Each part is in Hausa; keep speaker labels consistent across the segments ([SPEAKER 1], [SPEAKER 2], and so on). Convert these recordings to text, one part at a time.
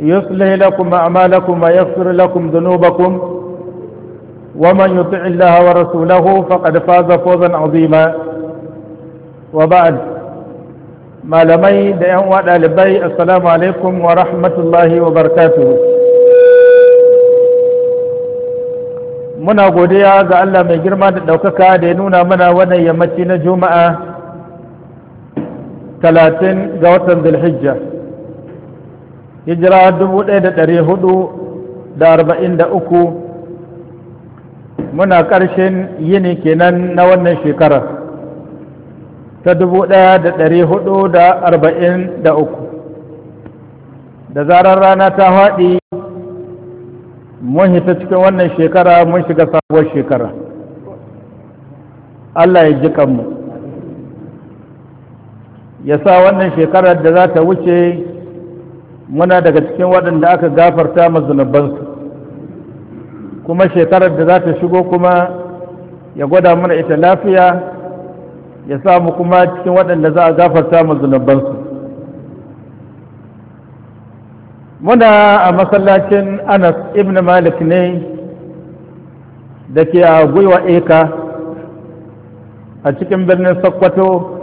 [SPEAKER 1] يصلح لكم أعمالكم ويغفر لكم ذنوبكم ومن يطع الله ورسوله فقد فاز فوزا عظيما وبعد ما لمي دعوة والألبي السلام عليكم ورحمة الله وبركاته muna godiya ga Allah mai girma da ɗaukaka da ya nuna mana wannan yammaci na juma'a 30 ga watan zulhijja hijira uku muna ƙarshen yini kenan na wannan shekarar ta dubu uku da zarar rana ta haɗi mun hita cikin wannan shekara mun shiga sabuwar shekara Allah ya ji kanmu ya sa wannan shekarar da za ta wuce muna daga cikin waɗanda aka gafarta mazunubansu kuma shekarar da za ta shigo kuma ya gwada mana ita lafiya ya samu kuma cikin waɗanda za a gafarta mazunubansu muna a masallacin anas ibn malik ne da ke a gwiwa eka a cikin birnin sokoto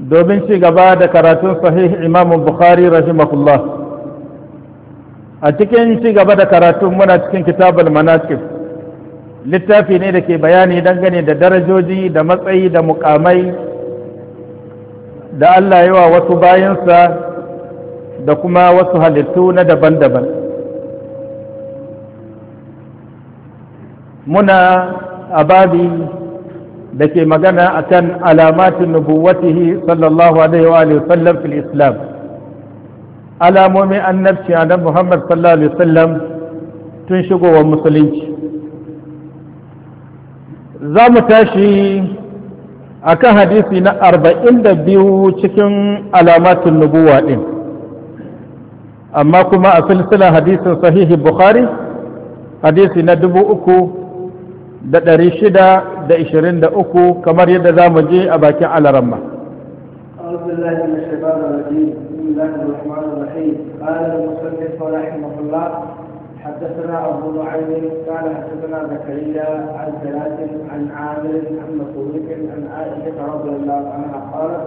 [SPEAKER 1] domin ci gaba da karatun sahih imam bukhari rahimahullah a cikin ci gaba da karatun muna cikin kitabul manaqib littafi ne da ke bayani dangane da darajoji da matsayi da mukamai da Allah yawa wasu bayansa da kuma wasu halittu na daban-daban muna a babi da ke magana a kan alamatin nubuwatihi sallallahu alaihi wa sallam fil islam alamomin annabci a nan muhammad sallallahu alaihi sallam tun shigowar musulunci za mu tashi a kan hadisi na arba'in da biyu cikin alamatin nubuwa ɗin amma kuma a silsilar hadisin sahihi bukhari hadisi na dubu uku da ɗari shida da ishirin da uku kamar yadda za mu je a bakin alaramma
[SPEAKER 2] حدثنا أبو نعيم قال حدثنا زكريا عن ثلاث عن عامر عن مسروق عن عائشة رضي الله عنها قالت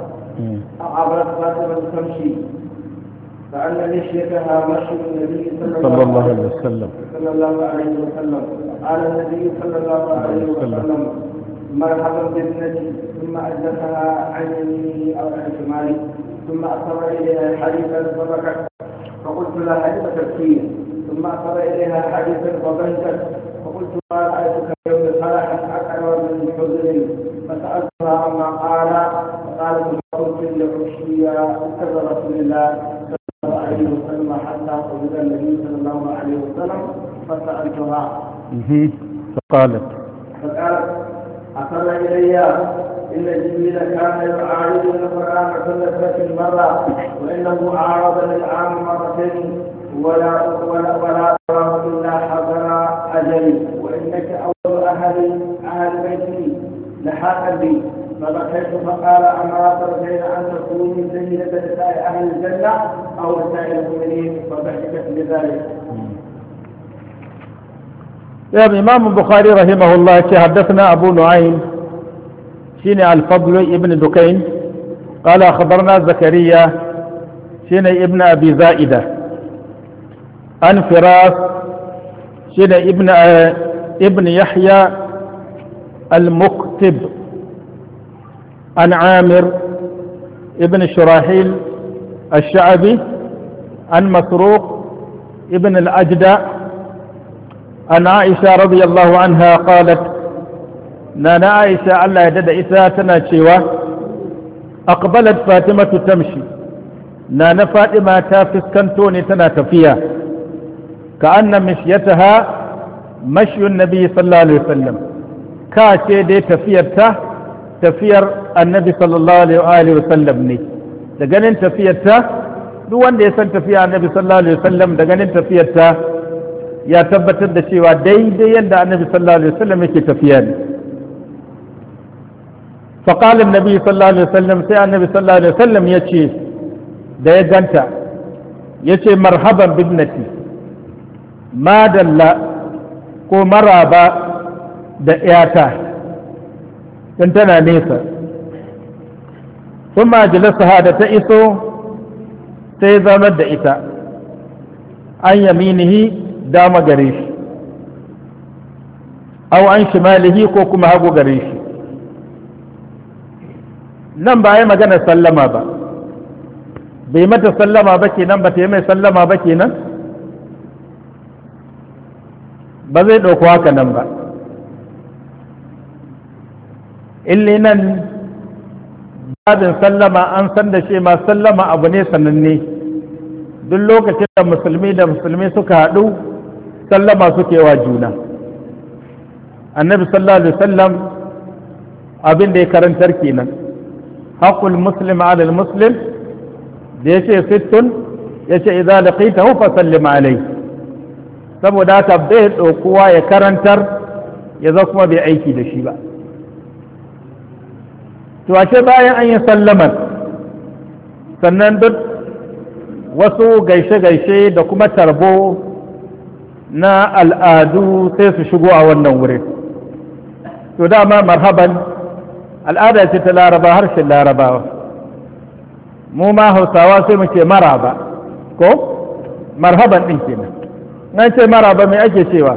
[SPEAKER 2] عبرت فاطمة تمشي فأن مشيتها مشي النبي صلى الله عليه وسلم صلى الله عليه وسلم قال النبي صلى الله عليه وسلم مرحبا بابنتي ثم أجلسها عن يميني أو عن شمالي ثم أصر إليها حديثا فبكت فقلت لها أنت تبكين ثم أصر إليها حديثا فبكت فقلت ما رأيتك يوم الفرح أكثر من حزن فسألتها عما قال فقالت كنت لأحشي كذا رسول الله صلى الله عليه وسلم حتى قبل النبي صلى الله عليه وسلم فسألتها فقالت أحسن إلي إن جبريل كان يعارض القرآن كل ثلاثة مرة وإنه عارض للعام مرتين ولا ولا ولا أراه إلا حضر أجلي وإنك أول أهل أهل بيتي لحاق بي فبكيت فقال أما ترجين أن تكوني سيدة نساء أهل الجنة أو نساء المؤمنين فضحكت بذلك
[SPEAKER 1] الإمام إمام البخاري رحمه الله حدثنا أبو نعيم شين الفضل ابن دكين قال أخبرنا زكريا شين ابن أبي زائدة عن فراس شين ابن آه، ابن يحيى المكتب عن عامر ابن شراحيل الشعبي عن مسروق ابن الأجدأ عن عائشة رضي الله عنها قالت نانا عائشة ألا يدد إساتنا شوى أقبلت فاتمة تمشي نانا فاتمة تافس كنتوني تنا تفيا كأن مشيتها مشي النبي صلى الله عليه وسلم كاشي دي تفيرته تفير النبي صلى الله عليه وآله وسلم ني دقلن تفيرته دو وان دي سن تفير النبي صلى الله عليه وسلم دقلن تفيرته ya tabbatar da cewa daidai yadda annabi sallallahu alaihi wasallam yake tafiya ne فقال النبي صلى الله عليه وسلم سي النبي صلى الله عليه وسلم يجي da ya ganta yace marhaban bibnati madalla ko maraba da iyata dan tana nesa kuma jalasaha da ta iso sai zama da ita an yaminihi dama gare shi aw an shimalihi ko kuma hagu gare shi nan ba yi magana sallama ba bai mata sallama ba kenan ba ta yi mai sallama ba kenan ba zai ɗauko haka nan ba illi nan babin sallama an san da shi ma sallama abu ne sananne duk lokacin da musulmi da musulmi suka haɗu sallama suke wa juna annabi sallallahu alaihi wasallam abin da ya karantar kenan haqqul muslim ala muslim da yace sittun yace idza laqitahu fa sallim alayhi saboda ta bai dokuwa ya karantar ya za kuma bai aiki da shi ba to a bayan an yi sallamar sannan duk wasu gaishe-gaishe da kuma tarbo na al'adu sai su shigo a wannan wuri to dama marhaban al'ada ce ta laraba harshen larabawa mu ma hausawa sai mu ce maraba ko marhaban ɗin kenan na ce maraba mai ake cewa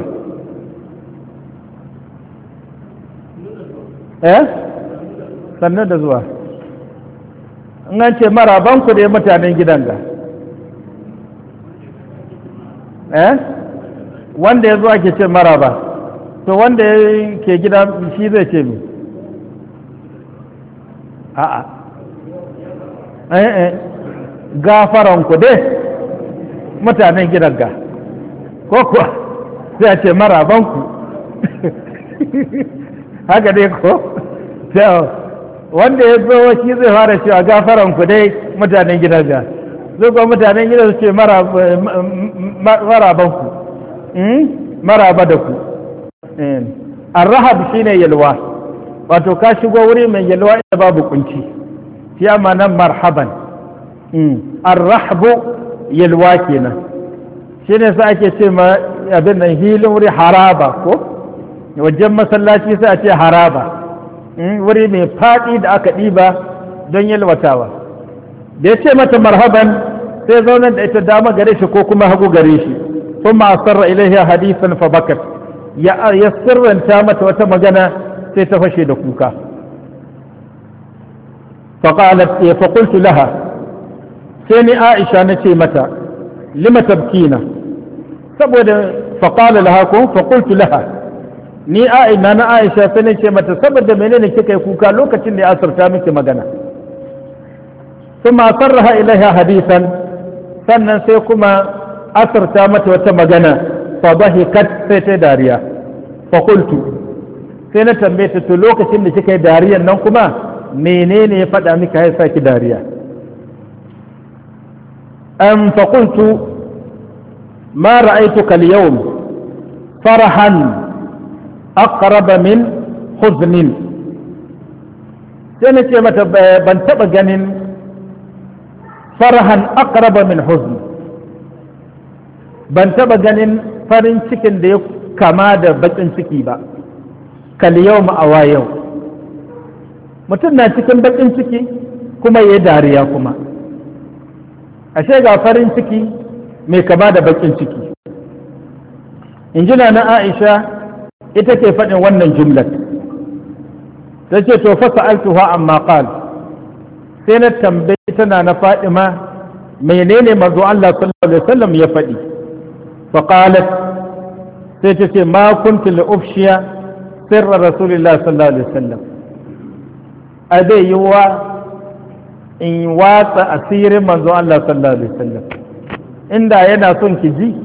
[SPEAKER 1] eh sannu da zuwa an ce maraban ku ne mutanen gidan ga eh wanda ya zo ake ce mara ba to wanda ya ke gida shi zai ce mi a'a eh, eh. gafaran ku dai mutanen gidan ga ko kuwa sai a ce maraban ku haka dai ko wanda ya zo shi zai fara cewa gafaran ku dai mutanen gidan ga zai kuwa mutanen gidan su ce mara eh, ku Hmm? maraba da ku hmm. arrahab shine yalwa wato ka shigo wuri mai yalwa inda babu kunci shi amma nan marhaban hmm. arrahbu yalwa kenan shine sai ake ce ma abin nan hilin wuri haraba ko wajen masallaci sai a ce haraba wuri mai faɗi da aka ɗiba don yalwatawa da ya ce mata marhaban sai zaunar da ita dama gare shi ko kuma hagu gare shi ثم أصر إليها حديثا فبكت يسر انتامت وتمجنا سيتفشي دكوكا فقالت فقلت لها سيني عائشة نتي متى لم تبكينا فقال لها فقلت لها ni ina na Aisha sai na ce mata saboda menene kika yi kuka lokacin da ya asirta miki magana kuma sarraha ilaiha hadisan sannan sai kuma asarta mata wata magana fa dhahikat sai ta dariya fa kultu sai na tambaye ta to lokacin da kika yi dariyan nan kuma menene ya faɗa miki ya saki dariya an fa kultu ma ra'aytuka al-yawm farahan aqrab min huznin sai na ce mata ban taɓa ganin farahan aqrab min huznin ban taba ganin farin cikin da ya kama da bakin ciki ba kal yau ma'awa yau mutum na cikin bakin ciki kuma ya dariya kuma ashe ga farin ciki mai kama da bakin ciki injina na aisha ita ke faɗin wannan jumlar ta ce to fasa altuha amma qal sai na tambayi tana na fadima menene manzo Allah sallallahu alaihi wasallam ya faɗi faƙalat sai ta ce ma kuntu la'ufshiya sirra rasulullah sallallahu alaihi wasallam a zai yi wa in watsa asirin manzo Allah sallallahu alaihi wasallam inda yana son ki ji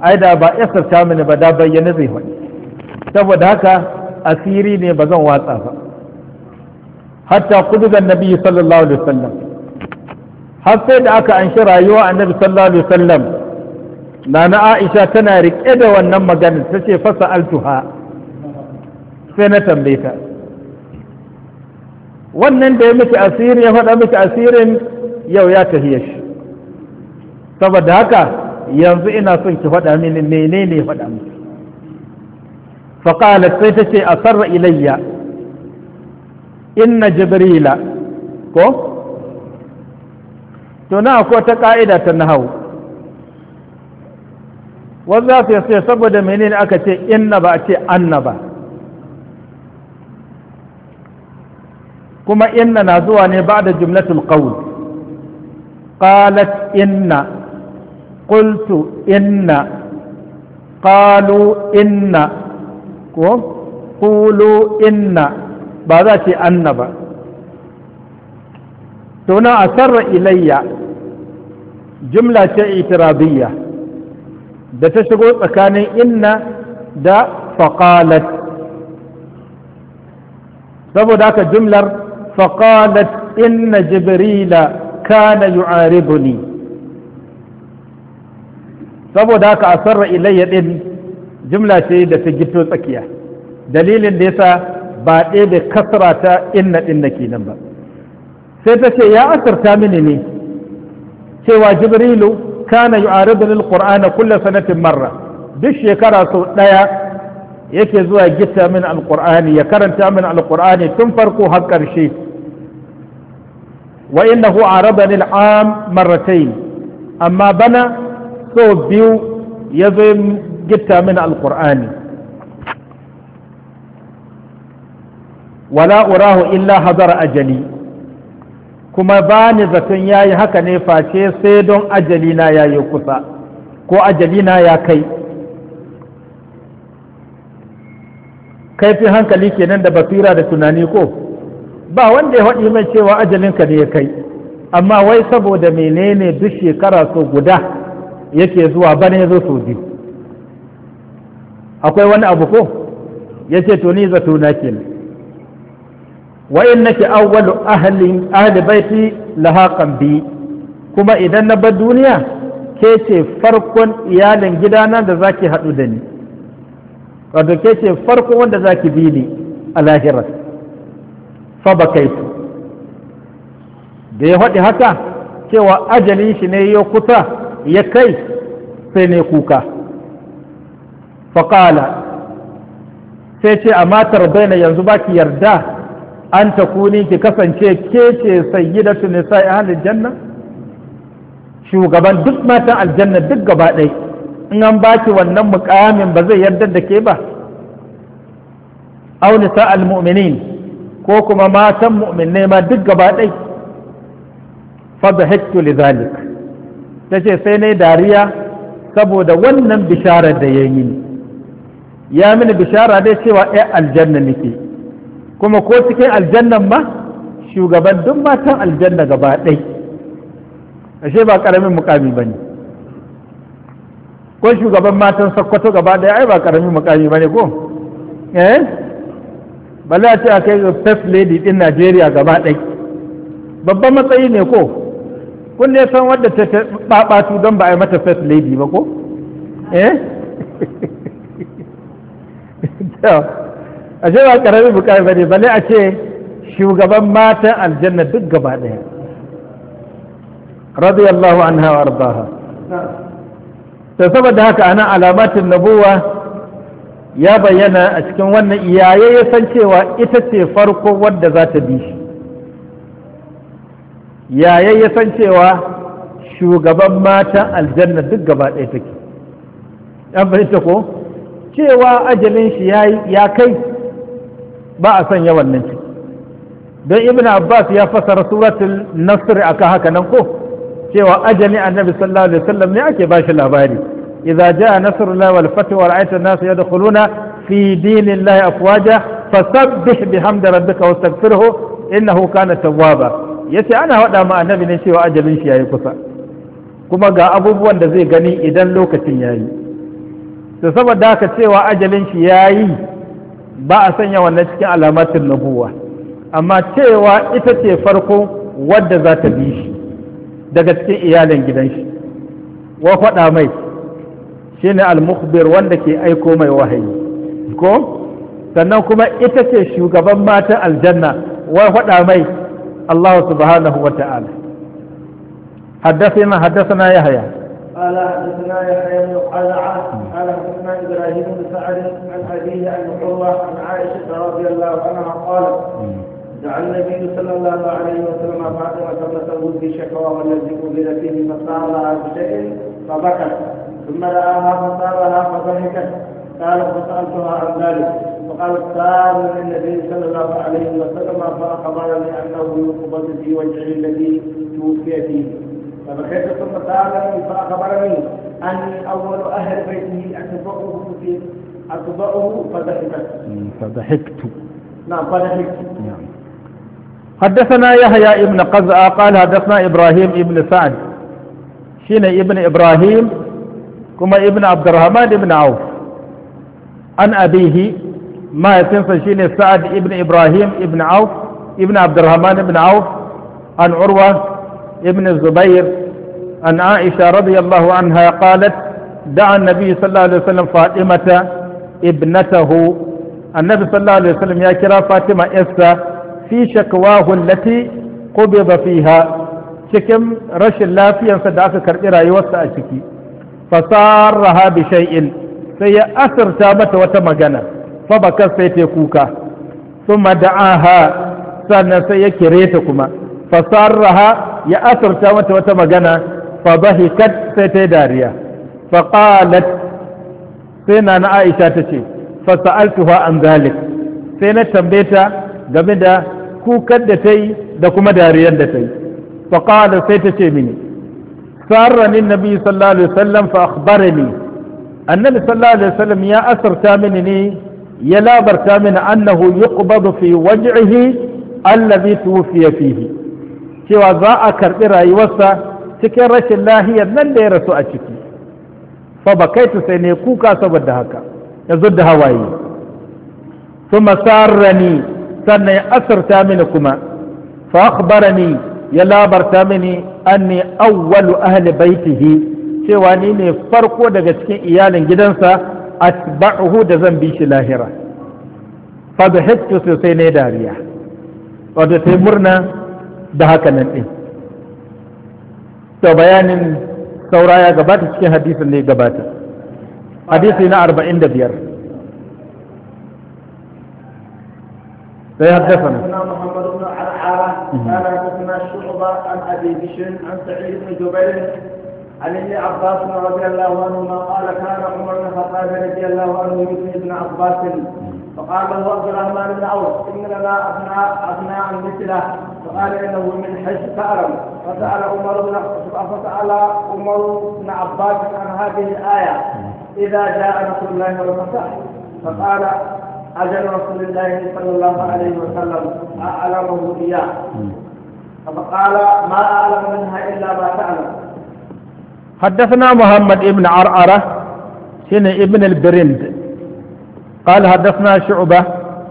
[SPEAKER 1] ai da ba isarta mini ba da bayyana zai faɗi saboda haka asiri ne ba zan watsa ba hatta kudugan nabi sallallahu alaihi wasallam har sai da aka anshi rayuwa annabi sallallahu alaihi nana aisha tana riƙe da wannan magana ta ce fasa altuha sai na tambaye ta wannan da ya miki asirin ya faɗa miki asirin yau ya tafiye shi saboda haka yanzu ina son ki faɗa mini menene ya faɗa miki faƙalar sai ta ce a sarra ilayya inna jibrila ko to na akwai ta ƙa'ida ta hau. wanzu za su sai saboda menene aka ce inna ba ce anna ba kuma inna na zuwa ne ba da jumlatul qawl qalat inna qultu inna qalu inna ko qulu inna ba za ce anna ba to na asarra ilayya jumla ce itirabiyya da ta shigo tsakanin inna da faqalat saboda haka jumlar faqalat inna jibrila kana yu'aribuni saboda haka asarra ilayya din jumla ce da ta gito tsakiya dalilin da yasa ba ɗaya da kasra ta inna din nake nan ba sai ta ce ya asarta mini ne cewa jibrilu kana yu'aridu lil a kulle sanatin marra duk shekara sau ɗaya yake zuwa gita min alqur'ani ya karanta min alkur'ani tun farko har ƙarshe wa innahu arada lil am marratayn amma bana sau biyu ya zo gita min alkur'ani wala urahu illa hadara ajali kuma ba ni zaton ya yi haka ne face sai don ajalina ya yi kusa ko ajali na ya kai kaifin hankali kenan da basira da tunani ko ba wanda ya haɗi mai cewa ajalinka ne ya kai amma wai saboda menene duk shekara so guda yake zuwa bana ya zo soji akwai wani abu ko yace ce to ni zato na kenan wa innaka awwalu ahli ahli baiti lahaqan bi kuma idan na bar duniya ke ce farkon iyalin gidana da zaki hadu da ni wato ke ce farkon wanda zaki bi ni a lahira fa bakaitu da ya faɗi haka cewa ajali shi ne ya kusa ya kai sai ne kuka faƙala sai ce a matar baina yanzu baki yarda an kuni ki kasance ke ce sayyidatu nisa'i ahlil janna shugaban duk matan aljanna duk gaba ɗai in an baki wannan mukamin ba zai yarda da ke ba auni sa'al mu'minin ko kuma matan mu'minai ma duk gaba ɗai fadhahtu li zalik tace sai nayi dariya saboda wannan bishara da yayi ya mini bishara dai cewa ai eh, aljanna nake kuma ko cikin aljannan ma shugaban duk matan aljanna gaba ɗai ashe ba ƙaramin mukami ba ne ko shugaban matan sokoto gaba ɗaya ai ba ƙaramin mukami ba ne ko eh bala ce a kai first lady ɗin najeriya gaba ɗai babban matsayi ne ko kun ne san wadda ta ɓaɓatu don ba a yi mata first lady ba ko eh a ce ba karamin bukari ba ne bale a ce shugaban matan aljanna duk gaba ɗaya radiyallahu anha wa ardaha ta saboda haka ana alamatin nabuwa ya bayyana a cikin wannan iyaye ya san cewa ita ce farko wadda za ta bi shi yaye ya san cewa shugaban matan aljanna duk gaba ɗaya take ɗan fahimta ko cewa ajalin shi ya kai ba a sanya wannan ciki don ibn abbas ya fasara suratul nasr aka haka nan ko cewa ajali annabi sallallahu alaihi wasallam ne ake bashi labari idza jaa nasrullahi wal fath wa ra'aita an-nas yadkhuluna fi dinillahi afwaja fasabbih bihamdi rabbika wastaghfirhu innahu kana tawwaba yace ana wada ma annabi ne cewa ajalin shi yayi kusa kuma ga abubuwan da zai gani idan lokacin yayi to saboda haka cewa ajalin shi yayi ba a sanya wannan cikin alamatin nubuwa amma cewa ita ce farko wadda za ta bi shi daga cikin iyalin gidan shi wa faɗa mai shine al-mukhbir wanda ke aiko mai wahayi ko sannan kuma ita ce shugaban matan aljanna wa faɗa mai Allah subhanahu wa ta'ala حدثنا حدثنا
[SPEAKER 2] قال حدثنا يحيى بن قلعه قال حدثنا ابراهيم بن سعد عن ابيه عن حره عن عائشه رضي الله عنها قالت دعا النبي صلى الله عليه وسلم فاطمه ابنته في شكواه الذي قبل فيه فصار لها بشيء فبكت ثم راها فصار لها فضحكت قال فسالتها عن ذلك فقالت سال النبي صلى الله عليه وسلم فاخبرني انه يقبض في وجهه الذي توفي فيه فبكيت ثم سألني فأخبرني أني أول أهل بيته أتبعه في أتبعه فضحكت
[SPEAKER 1] فضحكت
[SPEAKER 2] نعم فضحكت نعم
[SPEAKER 1] حدثنا يحيى ابن قزعة قال حدثنا إبراهيم ابن سعد شين ابن إبراهيم كما ابن عبد الرحمن ابن عوف عن أبيه ما يتنسى شين سعد ابن إبراهيم ابن عوف ابن عبد الرحمن ابن عوف عن عروة ابن الزبير عن عائشة رضي الله عنها قالت دعا النبي صلى الله عليه وسلم فاطمة ابنته النبي صلى الله عليه وسلم يا كرا فاطمة إسا في شكواه التي قبض فيها شكم رش الله في أن صدعك كرئرا يوسع شكي فصارها بشيء أثر تابت وتمغنى فبكر سيتكوكا ثم دعاها سنة سيكريتكما fasarraha ya asarta mata wata magana fa bahikat sai ta dariya fa qalat sai na na Aisha ta ce fa sa'altuha an zalik sai na tambaye ta game da kukan da ta yi da kuma dariyar da ta yi fa qala sai ta ce mini sarrani nabi sallallahu alaihi wasallam fa akhbarani annabi sallallahu alaihi wasallam ya asarta mini ne ya labarta mini annahu yuqbadu fi waj'ihi allazi tuwfiya fihi cewa za a karɓi rayuwarsa cikin rashin lahiyar nan da ya rasu a ciki fa ba ta sai ne kuka saboda haka ya da hawaye kuma ni sannan ya asarta mini kuma fa akhbarani ya labarta mini anni awwalu ahli baitihi cewa ni ne farko daga cikin iyalin gidansa atba'uhu da zan bi shi lahira fa hektu sai ne dariya wato sai murna da haka nan ɗin to bayanin saura ya gabata cikin hadisin ne gabata hadisi na arba'in da biyar sai haddasa
[SPEAKER 2] قال حدثنا شعبة عن أبي بشر عن سعيد بن جبير عن ابن عباس رضي الله عنهما قال كان عمر بن الخطاب رضي الله عنه يؤذي ابن عباس فقال له عبد الرحمن بن عوف إن لنا أبناء أبناء مثله فقال انه من حج فارم فسال عمر بن فسال عمر بن عباس عن هذه الايه اذا جاء رسول الله والفتح فقال اجل رسول الله صلى الله عليه وسلم اعلمه اياه فقال ما اعلم منها الا ما تعلم
[SPEAKER 1] حدثنا محمد بن عرعرة شن ابن البرند قال حدثنا شعبة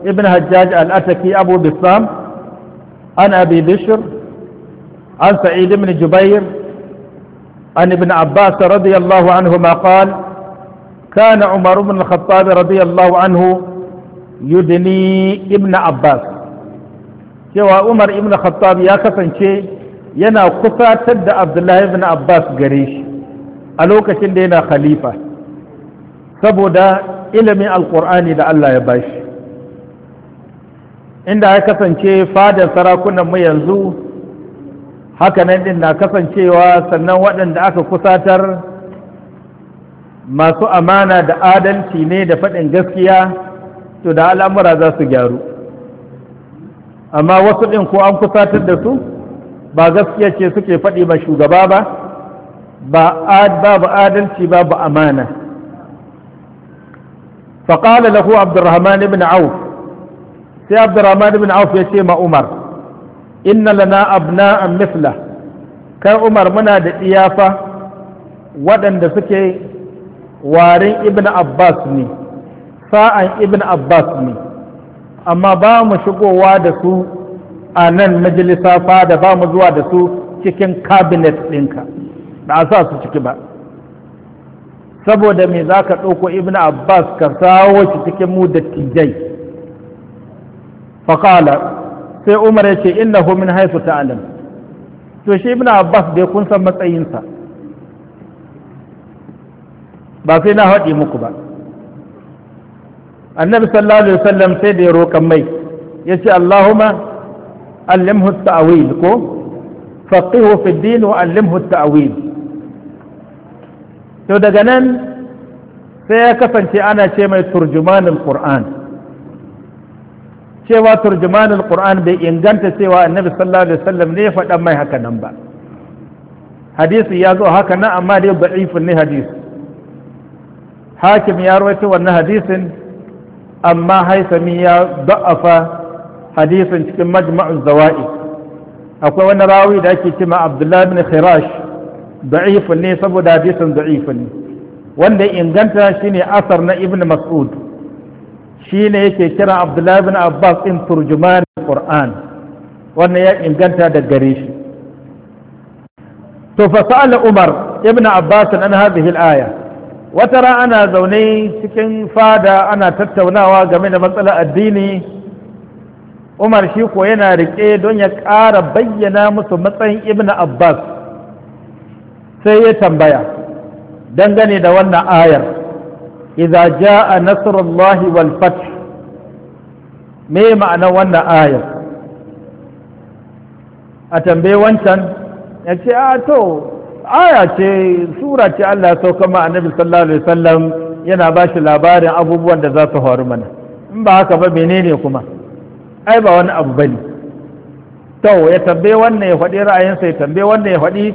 [SPEAKER 1] ابن هجاج الأتكي أبو بسام عن أبي بشر عن سعيد بن جبير عن ابن عباس رضي الله عنهما قال كان عمر بن الخطاب رضي الله عنه يدني ابن عباس cewa Umar ibn Khattab ya kasance yana kusatar da Abdullahi ibn Abbas gare shi a lokacin da yana khalifa saboda ilimin alkur'ani da Allah ya bashi inda ya kasance fadar sarakunan mu yanzu hakanan din na kasancewa sannan waɗanda aka kusatar masu amana da adalci ne da faɗin gaskiya to da al'amura za su gyaru amma wasu ɗin ko an kusatar da su ba gaskiya ce suke faɗi ba shugaba ba ba adalci ba ba amana faƙala lahu abdurrahman ibn auf sai abdurrahman bin auf ya ce ma umar inna lana an mithla kai umar muna da iyafa waɗanda suke warin ibn abbas ne sa'an ibn abbas ne amma ba mu shigowa da su a nan majalisa fada ba mu zuwa da su cikin kabinet ɗinka ba a sa su ciki ba saboda me za ka ɗauko ibn abbas ka sawo shi cikin mu dattijai فقال سي عمر يتي انه من حيث تعلم تو شي ابن عباس بي كون سان متسينسا با في هدي مكو با النبي صلى الله عليه وسلم سي دي روكم مي يتي اللهم علمه التاويل كو فقهه في الدين وعلمه التاويل تو دغنن سي كفنتي انا شي مي ترجمان القران cewa turjumanul qur'an bai inganta cewa annabi sallallahu alaihi wasallam ne ya faɗa mai haka nan ba hadisi ya zo haka nan amma dai da'ifun ne hadisi hakim ya rawaito wannan hadisin amma haisami ya da'afa hadisin cikin majma'u zawa'i akwai wani rawi da ake cima abdullahi bin khirash da'ifun ne saboda hadisin da'ifun ne wanda inganta shine asar na ibn mas'ud shi ne yake kira abdullahi bin abbas in turjuman qur'an wannan ya inganta da gare shi to fa sa'ala umar ibn abbas an hadhihi al-aya wata ana zaune cikin fada ana tattaunawa game da matsalar addini umar shi ko yana rike don ya ƙara bayyana musu matsayin ibn abbas sai ya tambaya dangane da wannan ayar idza jaa nasrullahi wal fath me ma'ana wannan ayar a tambaye wancan ya ce a to aya ce sura ce Allah ya ma annabi sallallahu alaihi wasallam yana ba shi labarin abubuwan da za su faru mana in ba haka ba menene kuma ai ba wani abu ya wannan ya ra'ayinsa ya wannan ya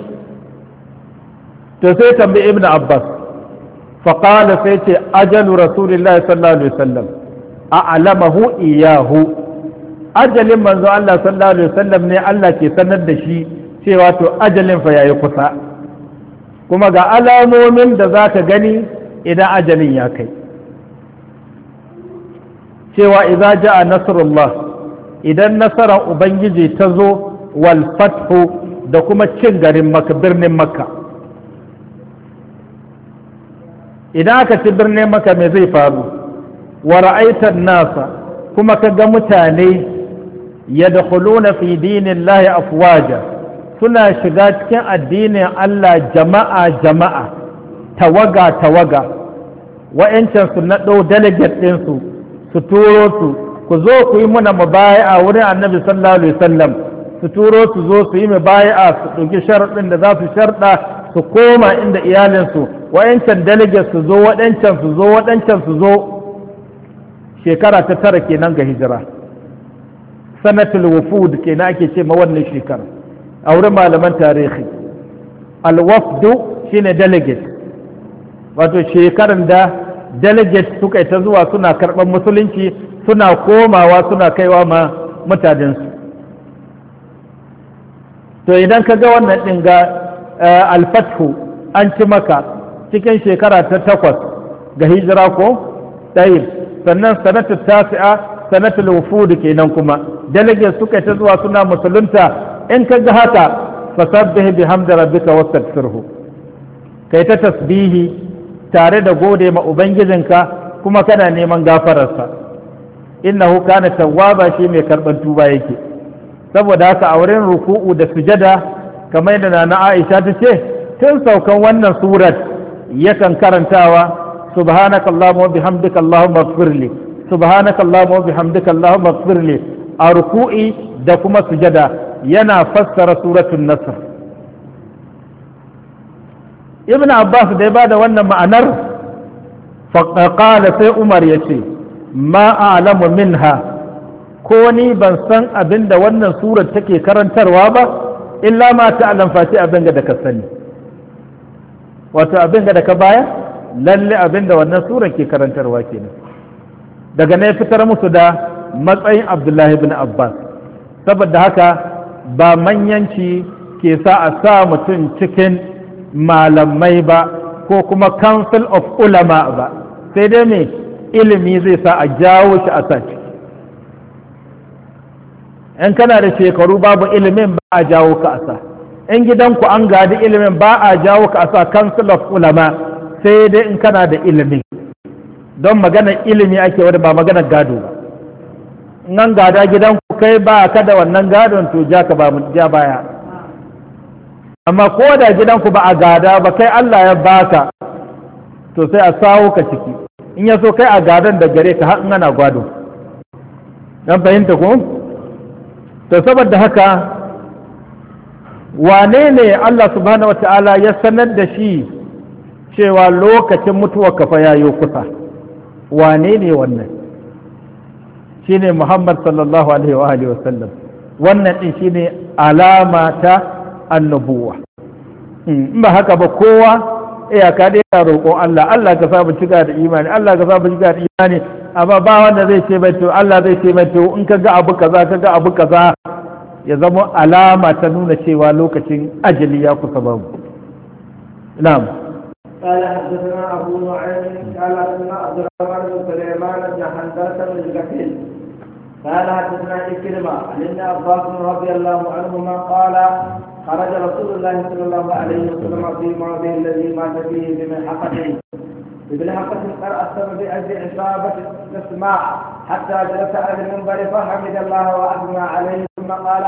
[SPEAKER 1] to sai tambayi ibnu abbas faƙala sai ce ajalu rasulillah sallallahu alaihi wasallam a alamahu iyahu ajalin manzo Allah sallallahu alaihi wasallam ne Allah ke sanar da shi cewa to ajalin fa yayi kusa kuma ga alamomin da za ka gani idan ajalin ya kai cewa idza a nasrullah idan nasarar ubangiji ta zo wal fathu da kuma cin garin birnin makka idan aka ci birnin maka me zai faru wa ra'aitan nasa kuma ka ga mutane yadkhuluna fi dinillahi afuwaja suna shiga cikin addinin Allah jama'a jama'a tawaga tawaga wa'ancan su naɗo delegate ɗinsu su turo su ku zo ku yi muna a wurin annabi sallallahu alaihi wasallam su turo su zo su yi mubaya'a su ɗauki sharaɗin da za su sharɗa su koma inda iyalinsu wayancan delegates su zo waɗancan su zo waɗancan su zo shekara ta tara kenan ga hijira sanatul wufud kenan ake ce ma wannan shekara a wurin malaman tarihi alwafdu shine delegate wato shekaran da delegate suka ta zuwa suna karɓar musulunci suna komawa suna kaiwa ma mutanensu to idan ka ga wannan ɗin ga eh, alfathu an ci maka cikin shekara ta takwas ga hijira ko ɗayir sannan sanata sanata tasi'a da ke nan kuma dalage suka ta zuwa suna musulunta in ka ga haka fasar fasabbih bihamdi rabbika wastaghfirhu kai ta tasbihi tare da gode ma ubangijinka kuma kana neman gafararsa innahu kana tawwaba shi mai karban tuba yake saboda haka a wurin ruku'u da sujada kamar da na Aisha ta ce tun saukan wannan surat yakan karantawa subhanaka allahumma bihamdika allahumma ighfirli subhanaka allahumma bihamdika allahumma ighfirli a ruku'i da kuma sujada yana fassara suratul nasr ibn abbas da ya bada wannan ma'anar faqala sai umar yace ma a'lamu minha ko ni ban san abinda wannan surar take karantarwa ba illa ma ta'lam fati abin da ka sani wato abin da ka baya lalle abin da wannan surar ke karantarwa kenan daga ne fitar musu da matsayin abdullahi bin abbas saboda haka ba manyanci ke sa a sa mutum cikin malamai ba ko kuma council of ulama ba sai dai me ilimi zai sa a jawo shi a sace in kana da shekaru babu ilimin ba a jawo ka a sa in gidanku an gadi ilimin ba a jawo ka a sa council of ulama sai dai in kana da ilimi don maganar ilimi ake wadda ba maganar gado ba nan gada gidanku kai ba ka da wannan gadon to ja ka ba mu ja baya amma ko da gidanku ba a gada ba kai Allah ya baka to sai a sawo ka ciki in ya so kai a gadon da gare ka har ana gado dan fahimta ko to saboda haka wane ne Allah subhanahu ta'ala ya sanar da shi cewa lokacin mutuwar kafa ya yi kusa wane ne wannan ne Muhammad sallallahu alaihi wa alihi wasallam wannan din ne alama ta annabuwa. Hmm, in ba haka ba kowa iyaka dai ya roƙo Allah Allah ka samu cika da imani Allah ka samu cika da imani amma ba wanda zai ce mai to Allah zai ce mai to in ka ga abu kaza ka ga abu kaza ya zama alama ta nuna cewa lokacin ajali ya kusa babu
[SPEAKER 2] na'am قال حدثنا أبو نعيم قال حدثنا عبد الرحمن بن سليمان بن حنبلة بن الكفيل قال حدثنا إكرمة عن ابن عباس رضي الله عنهما قال خرج رسول الله صلى الله عليه وسلم في موضع الذي مات فيه بملحقة بملحقة قد أسلم بأجل إصابة السماع حتى جلس على المنبر فحمد الله وأثنى عليه ثم قال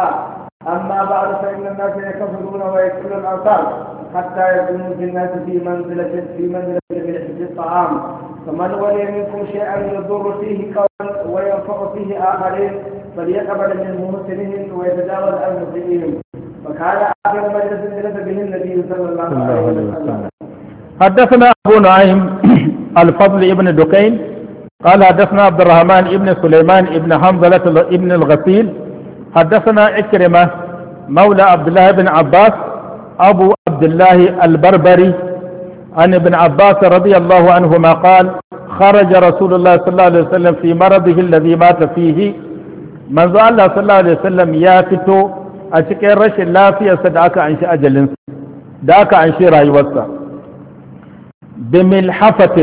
[SPEAKER 2] أما بعد فإن الناس يكفرون ويكفر الأوثان حتى يكونوا في الناس في منزلة في منزلة من حفظ الطعام فمن ولي منكم شيئا يضر فيه قولا وينفع فيه آخرين فليقبل من مسلمهم ويتجاوز عن مسلمهم وكان آخر مجلس جلس به النبي صلى الله عليه وسلم
[SPEAKER 1] حدثنا أبو نعيم الفضل ابن دكين قال حدثنا عبد الرحمن ابن سليمان ابن حنظلة ابن الغسيل حدثنا إكرمة مولى عبد الله بن عباس أبو عبد الله البربري عن ابن عباس رضي الله عنهما قال خرج رسول الله صلى الله عليه وسلم في مرضه الذي مات فيه من ذا الله صلى الله عليه وسلم يافتو أشكي رشي لا في أسدعك عن شيء أجل دعك عن شيء رأي وسا بملحفة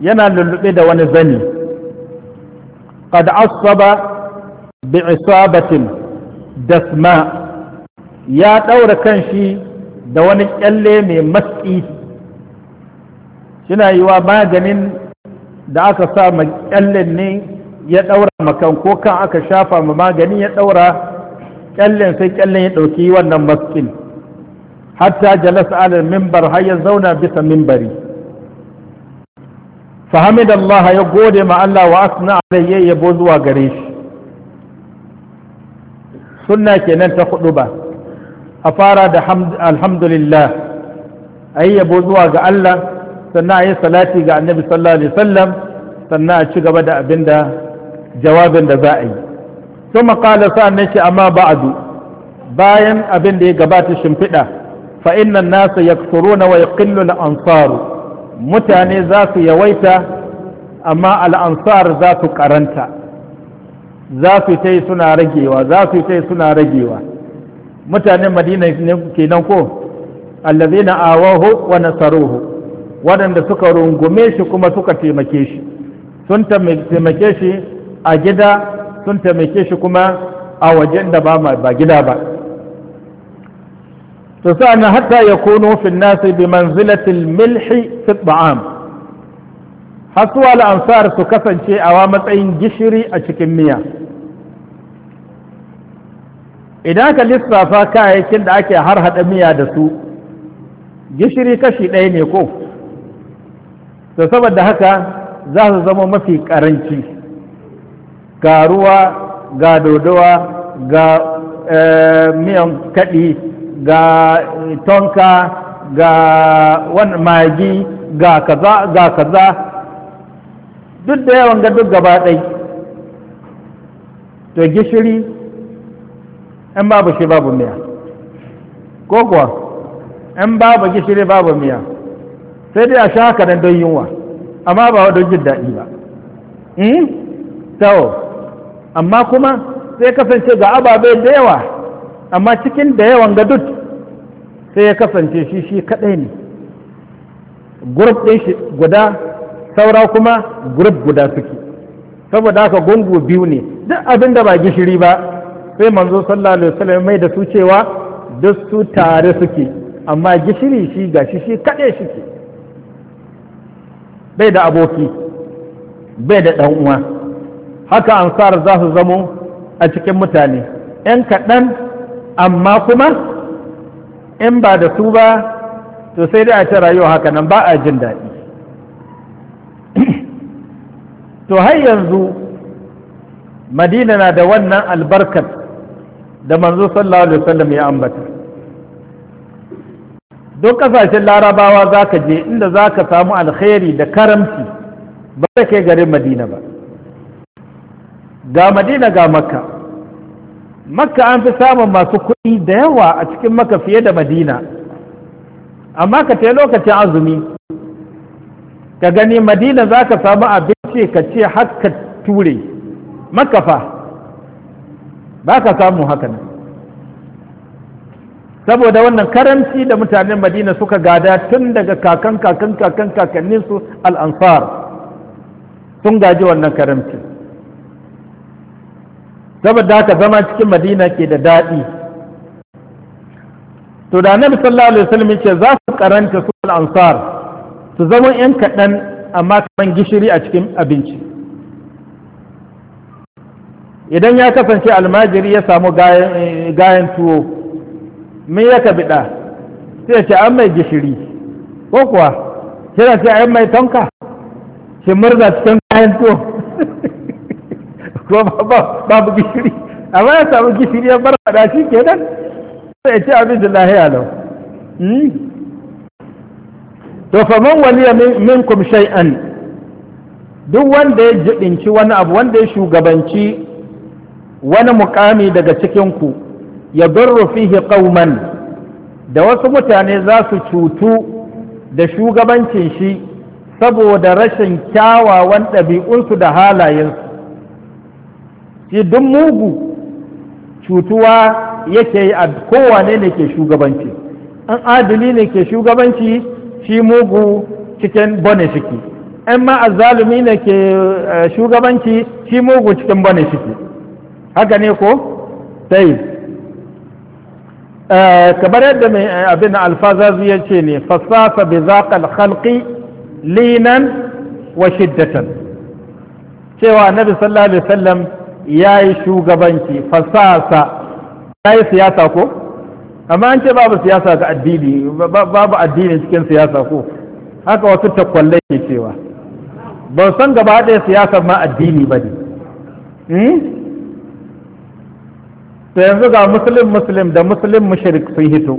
[SPEAKER 1] ينال اللبيد ونزني قد عصب bi'isabatin dasma ya ɗaura kanshi da wani ƙyalle mai matsi suna yi maganin da aka sa ma ne ya daura makan ko kan aka shafa ma magani ya ɗaura ƙyallen sai ƙyallen ya ɗauki wannan matsin hatta jalasa alal mimbar har ya zauna bisa mimbari fahimin Allah ya gode ma Allah wa asna alayya yabo zuwa gare shi sunna kenan ta hudu ba a fara da alhamdulillah a yi yabo zuwa ga Allah sannan a yi salati ga annabi sallallahu alaihi wasallam sannan a ci gaba da abin da jawabin da za a yi sun makala sa'an ce amma ba'adu bayan abin da ya gabata shimfiɗa fa inna nasa yaksuruna wa yaqillu al-ansaru mutane za su yawaita amma al-ansar za su karanta za su ta yi suna ragewa za su ta suna ragewa mutanen madina kenan ko na awahu wa nasaruhu waɗanda suka rungume shi kuma suka taimake shi sun taimake shi a gida sun taimake shi kuma a wajen da ba ba gida ba to sa'an hatta ya fi nasi bi manzilatil milhi fi ta'am hasuwa ansar su kasance awa matsayin gishiri a cikin miya idan ka lissafa kayayyakin da ake har haɗa miya da su gishiri kashi ɗaya ne ko to saboda haka za su zama mafi ƙaranci ga ruwa ga dodowa ga eh, miyan kaɗi ga tonka ga wani magi ga kaza ga kaza duk da yawan ga duk gaba ɗai to gishiri in babu shi babu miya ko kuwa in babu gishiri babu miya sai dai a sha haka nan don yunwa amma ba don jin daɗi ba hmm? tawo amma kuma sai kasance ga ababe da yawa amma cikin da yawan ga duk sai ya kasance shi shi kaɗai ne gurb ɗin shi guda saura kuma grup guda suke saboda haka gungu biyu ne duk abin da ba gishiri ba sai manzo sallallahu alaihi wasallam mai da su cewa duk su tare suke amma gishiri shi gashi shi shi shike bai da aboki bai da dan uwa haka ansar za su zamo a cikin mutane ‘yan kaɗan amma kuma in ba da su ba to sai dai a ce rayuwa haka nan ba a jin daɗi to har yanzu madina na da wannan albarkar da manzo sallallahu alaihi wasallam ya ambata duk kasashen larabawa za ka je inda za ka samu alkhairi da karamci ba da ke garin madina ba ga madina ga makka makka an fi samun masu kuɗi da yawa a cikin makka fiye da madina amma ka ce lokacin azumi ka gani madina za ka samu abinci ka ce haka ture makafa ba ka samu haka nan saboda wannan karanci da mutanen madina suka gada tun daga kakan kakan kakan kakannin su al'ansar sun gaji wannan karamci saboda haka zama cikin madina ke da daɗi to da annabi sallallahu alaihi wasallam ce za su karanta su al'ansar su zama 'yan kaɗan amma kaman gishiri a cikin abinci idan ya kasance almajiri ya samu gayan tuwo min ya ka biɗa sai ya ce an mai gishiri ko kuwa sai ce an mai tonka shi murza cikin gayan tuwo ko babu gishiri amma ya samu gishiri ya bar da shi kenan sai ce abin da lahiya lau hmm? to fa man waliya minkum shay'an duk wanda ya jiɗinci wani abu wanda ya shugabanci wani mukami daga cikin ku ya darru fihi qauman da wasu mutane za su cutu da shugabancin shi saboda rashin kyawawan ɗabi'unsu da halayensu shi duk mugu cutuwa yake yi a kowane ne ke shugabanci an adali ne ke shugabanci shi mugu cikin bane shiki in ma azzalumi ne ke eh, shugabanci shi mugu cikin bane ciki haka ne ko tai. Eh, kamar yadda mai eh, abin alfaza ya ce ne fasafa bi zaƙal halƙi linan wa shiddatan cewa bi sallallahu alaihi wasallam ya yi shugabanci fasasa ya yi siyasa ko amma an ce babu siyasa ga addini babu addini cikin siyasa ko haka wasu takwallai ke cewa ban san gaba ɗaya siyasar ma addini ba ne hmm? ta yanzu ga musulun musulun da musulun mushrik sun hito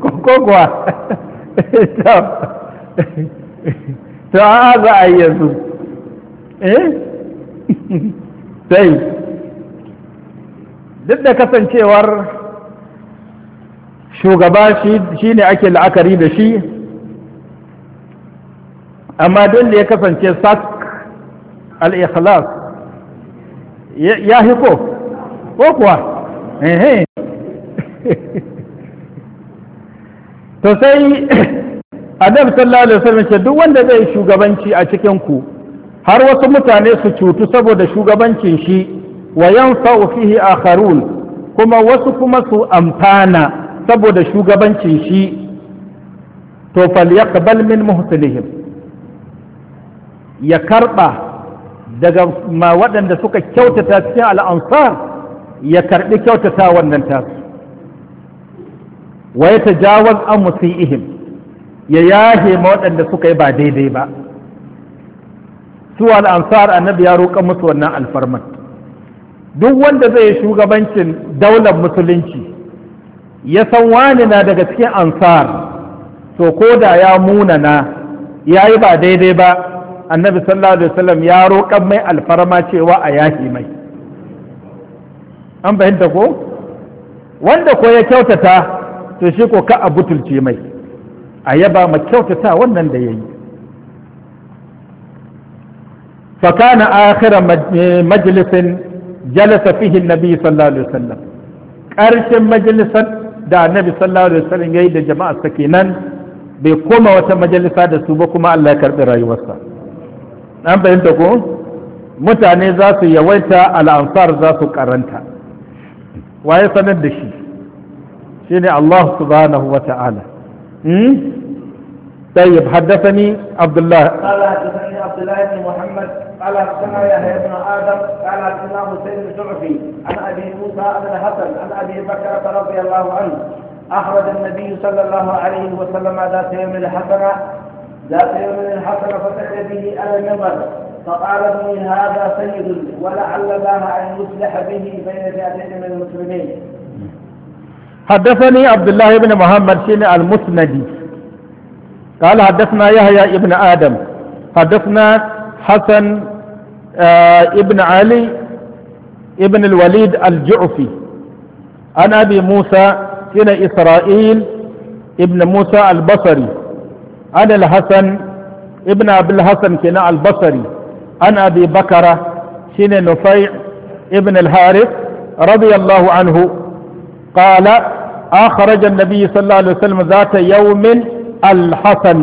[SPEAKER 1] kogwa ta za a yi yanzu eh sai duk da kasancewar shugaba shi ne ake la'akari da shi amma dole ya kasance sak al-ikhlas ya hiko ko kuwa to sai adam sallallahu alaihi wasallam ce duk wanda zai shugabanci a cikin ku har wasu mutane su cutu saboda shugabancin shi wa yanfa'u fihi akharun kuma wasu kuma su amfana saboda shugabancin shi to falyaqbal min muhsinihim ya karba daga ma waɗanda suka kyautata cikin al'ansar ya karbi kyautata wannan tasu wa ya tajawaz an ya yahe ma waɗanda suka yi ba daidai ba su al'ansar annabi ya roƙa musu wannan alfarman duk wanda zai yi shugabancin daular musulunci ya san wani na daga cikin ansar to ko da ya munana ya yi ba daidai ba annabi sallallahu alaihi wasallam ya roƙan mai alfarma cewa a yaƙi mai an fahimta ko wanda ko ya kyautata to shi ko ka a butulce mai a yaba ma kyautata wannan da ya yi fakana akhira majalisin eh, jalasa fihi annabi sallallahu alaihi wasallam karshen majalisar da annabi sallallahu alaihi wasallam yayi da jama'a sa nan bai koma wata majalisa da su ba kuma Allah ya karbi rayuwarsa an fahimta ko mutane za su yawaita al'ansar za su karanta waye sanar da shi shine Allah subhanahu wa ta'ala hmm? طيب حدثني عبد الله
[SPEAKER 2] قال حدثني عبد الله بن محمد قال حدثنا يحيى بن ادم قال حدثنا حسين الشعبي عن ابي موسى بن الحسن عن ابي بكر رضي الله عنه اخرج النبي صلى الله عليه وسلم ذات يوم الحسنه ذات يوم الحسنه فتح به على المنبر فقال ابني هذا سيد ولعل الله ان يصلح به بين فئتين من المسلمين
[SPEAKER 1] حدثني عبد الله بن محمد شين المسندي قال حدثنا يحيى ابن آدم حدثنا حسن آه، ابن علي ابن الوليد الجعفي عن أبي موسى إلى إسرائيل ابن موسى البصري عن الحسن ابن أبي الحسن كنا البصري عن أبي بكرة شين نفيع ابن الحارث رضي الله عنه قال أخرج النبي صلى الله عليه وسلم ذات يوم al-hasan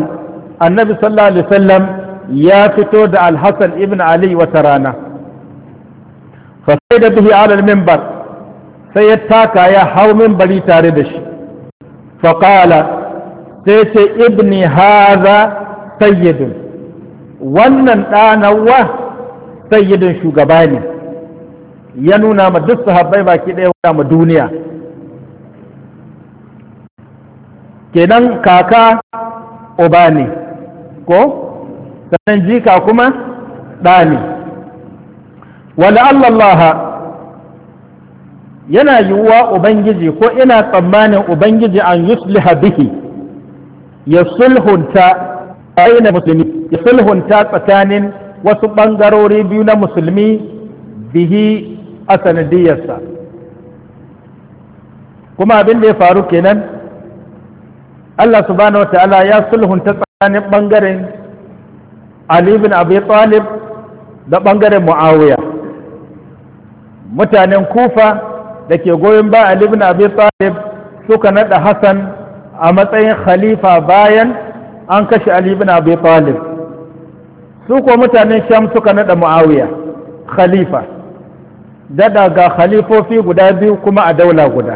[SPEAKER 1] annabi sallallahu alaihi wasallam ya fito da al-hasan ibn ali wata rana fa sai da bihi ala al-minbar sai ya taka ya hau minbari tare da shi fa qala sai ce ibni hadha sayyidun wannan ɗanawa sayyidin shugaba ne ya nuna ma duk sahabbai baki ɗaya wa ma duniya kenan kaka uba ne ko sannan jika kuma ɗa ne Allah yana yiwuwa ubangiji ko ina tsammanin ubangiji an yusliha bihi ya sulhunta aina musulmi ya tsakanin wasu ɓangarori biyu na musulmi bihi a sanadiyarsa kuma abin da ya faru kenan Allah subhanahu ya sulhunta tsakanin ɓangaren Ali bin Abi Talib da ɓangaren Muawiya mutanen Kufa da ke goyon ba Ali bin Abi Talib suka naɗa Hassan a matsayin khalifa bayan an kashe Ali bin Abi Talib su ko mutanen Sham suka naɗa Muawiya khalifa daɗa ga khalifofi guda biyu kuma a daula guda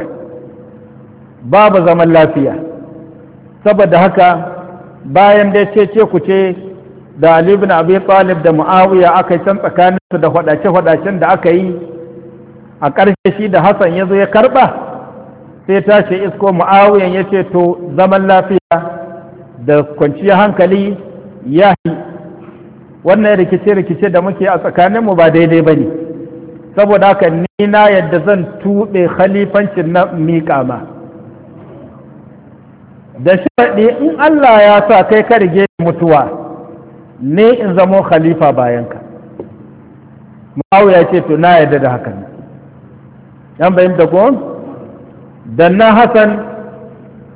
[SPEAKER 1] babu zaman lafiya saboda haka bayan da ce ce ku ce da Ali ibn Abi Talib da Muawiya aka yi can tsakanin su da hwadace hwadacen da aka yi a ƙarshe shi da Hassan ya zo ya karɓa sai tashi isko Muawiyan ya ce to zaman lafiya da kwanciya hankali ya yi wannan rikice-rikice da muke a tsakanin mu ba daidai ba ne saboda haka ni na yadda zan tuɓe khalifancin na miƙa ma da sharaɗi in Allah ya sa kai ka rige mutuwa ne in zamo khalifa bayanka ya ce to na yarda da hakan yan bayan da gon danna hasan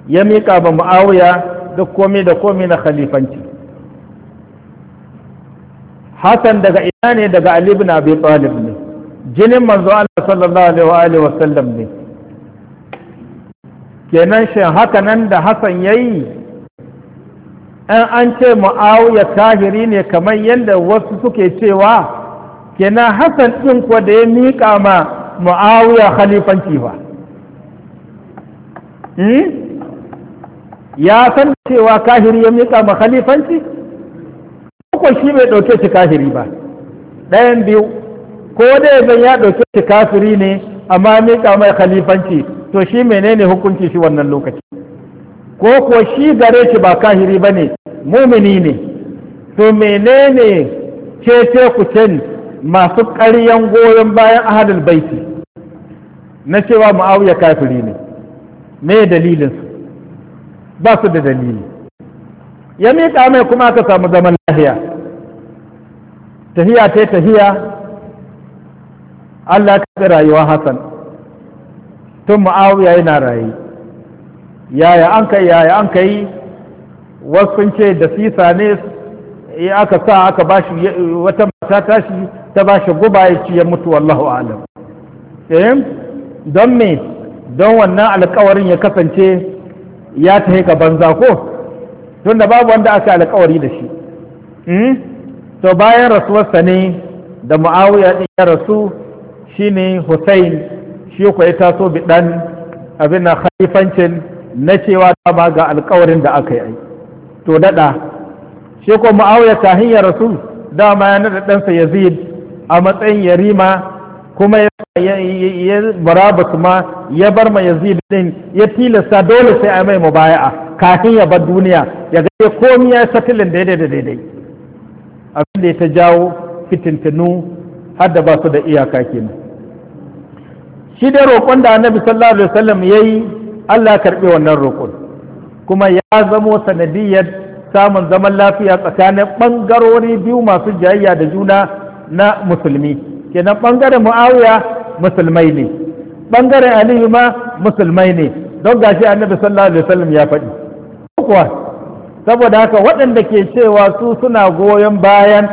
[SPEAKER 1] ya miƙa ba ma'auya duk komai da komai na khalifanci hasan daga ina ne daga ali ibn abi talib ne jinin manzo Allah sallallahu alaihi wa sallam ne kenan shi haka nan da Hassan ya yi in an ce ma'auya tahiri ne kamar yadda wasu suke cewa kenan Hassan ɗin kuwa da ya miƙa ma ma'auya khalifanci ba hmm? ya san cewa kahiri ya miƙa ma khalifanci ko shi bai ɗauke shi kahiri ba ɗayan biyu ko dai zan ya ɗauke shi kafiri ne amma miƙa mai khalifanci to shi menene hukunci shi wannan lokaci ko ko shi gare shi ba kahiri ba ne mumini ne to menene cece ku can masu ƙaryan goyon bayan ahadul baiti na cewa mu'awiya kafiri ne me dalilinsu ba su da dalili ya miƙa mai kuma aka samu zaman lahiya tahiya ta tahiya Allah ka rayuwa Hassan. tun mu'awiya yana raye yaya an kai yaya an kai wasu ce da sisa ne ya eh, aka sa aka bashi wata mata tashi ta bashi guba ya ci ya mutu wallahu alam eh don me don wannan alkawarin ya kasance ya ta ga banza ko da babu wanda aka alkawari da shi hmm? to bayan rasuwarsa ne da mu'awiya din ya rasu shine Hussein shi ku ya taso biɗan abin na haifancin na cewa dama ga alkawarin da aka yi to daɗa shi ko ma'auya kahin ya rasu dama ya da ɗansa yazid a matsayin yarima kuma ya barabatu ma ya bar ma yazid din ya tilasta dole sai a mai mubaya'a kafin ya bar duniya ya ga komi ya satilin daidai da daidai abin da ya ta jawo fitintinu har da ba su da iyaka kenan shi dai roƙon da annabi sallallahu alaihi wasallam yayi Allah karbe wannan roƙon kuma ya zamo sanadiyar samun zaman lafiya tsakanin bangarori biyu masu jayayya da juna na musulmi kenan ɓangaren mu'awiya musulmai ne ɓangaren aliyu ma musulmai ne don gashi annabi sallallahu alaihi wasallam ya faɗi saboda haka waɗanda ke cewa su suna goyon bayan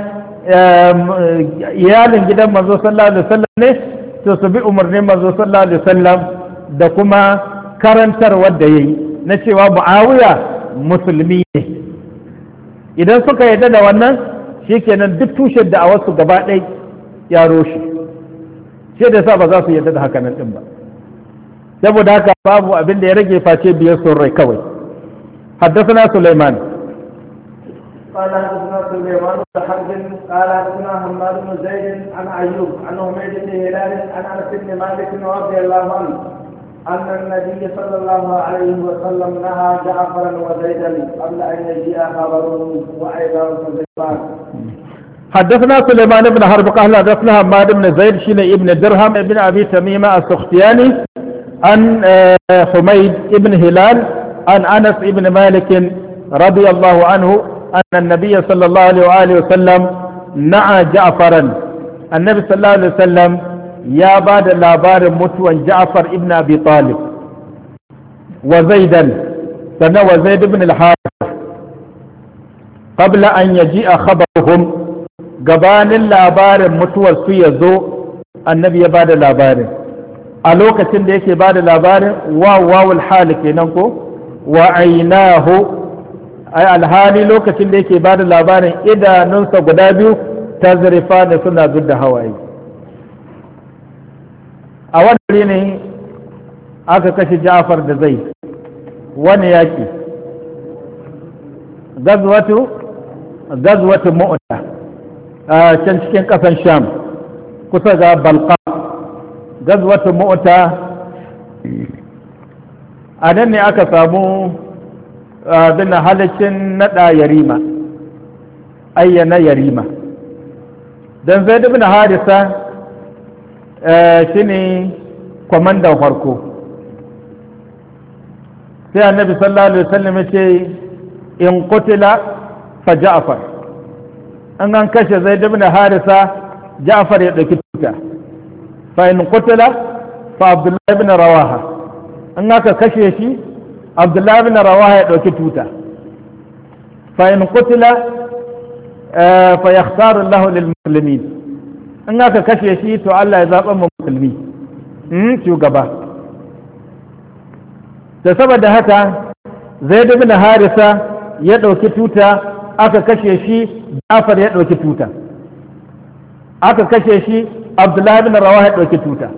[SPEAKER 1] eh, iyalin gidan manzo sallallahu alaihi wasallam ne to su bi umarnin mazu sallallahu alaihi wasallam da kuma karantar wadda yayi na cewa muawiya musulmi ne idan suka yarda da wannan shikenan duk tushen da a wasu gaba ɗai ya roshi sai da sa ba za su yarda da haka nan din ba saboda haka babu abin da ya rage face biyar sun rai kawai حدثنا سليمان
[SPEAKER 2] قال حدثنا سليمان بن حرب قال حدثنا حماد بن زيد عن ايوب عن عميد بن هلال عن انس بن مالك رضي الله عنه ان النبي صلى الله عليه وسلم نهى جعفرا وزيدا قبل ان يجيء هارون وايضا زيدان
[SPEAKER 1] حدثنا سليمان بن حرب قال حدثنا حماد بن زيد شين ابن درهم ابن ابي تميمه السختياني عن آه، حميد بن هلال عن انس بن مالك رضي الله عنه أن النبي صلى الله عليه وآله وسلم نعى جعفرا النبي صلى الله عليه وسلم يا بعد لابار متوى جعفر ابن أبي طالب وزيدا سنة وزيد بن الحارث قبل أن يجيء خبرهم gabanin labarin mutuwar su ya zo annabi ya bada labarin a lokacin da yake bada labarin wa wawul hali kenan ko wa ainahu ai alhali lokacin da yake bada labarin idanunsa guda biyu ta zarifa da suna zub da hawaye a wani ne aka kashe ja'far da zai wani yaki gazwatu gazwatu mu'ta a can cikin kasan sham kusa ga balqa gazwatu mu'ta a nan ne aka samu bin halakin nada yarima ayyana yarima don zai bin harisa eh, shi ne kwamandan farko sai annabi sallallahu alaihi wasallam ce in kutila fa ja'far an an kashe zai bin harisa ja'far ya ɗauki tuta fa in kutila fa abdullahi ibn rawaha an aka kashe shi abdullahi bin rawaha ya ɗauki tuta fa in qutila eh, fa yakhtaru Allah lil muslimin in aka kashe shi to Allah ya zaɓa mu musulmi hmm, shugaba da saboda haka zaid bin harisa ya ɗauki tuta aka kashe shi jafar ya ɗauki tuta aka kashe shi abdullahi bin rawaha ya ɗauki tuta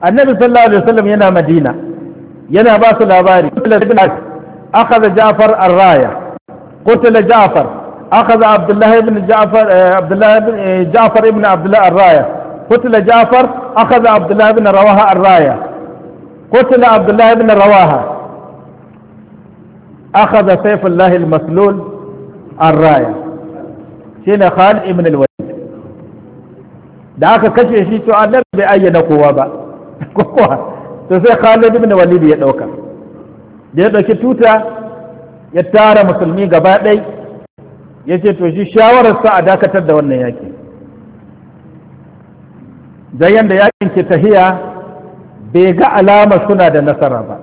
[SPEAKER 1] annabi sallallahu alaihi wasallam yana madina yana ba su labari akhadha Ja'far ar-raya qutila Ja'far akhadha Abdullah ibn Ja'far eh, Abdullah ibn eh, Ja'far ibn Abdullah ar-raya qutila Ja'far akhadha ibn Rawaha ar-raya qutila ibn Rawaha akhadha sayf Allah maslul ar shine Khalid ibn al da aka kashe shi to Allah bai ayyana kowa ba kowa to sai Khalid ibn Walid ya dauka da ya dauki tuta ya tara musulmi gaba ɗai ya ce to shi shawararsa a dakatar da wannan yaki da yanda yakin ke tahiya bai ga alamar suna da nasara ba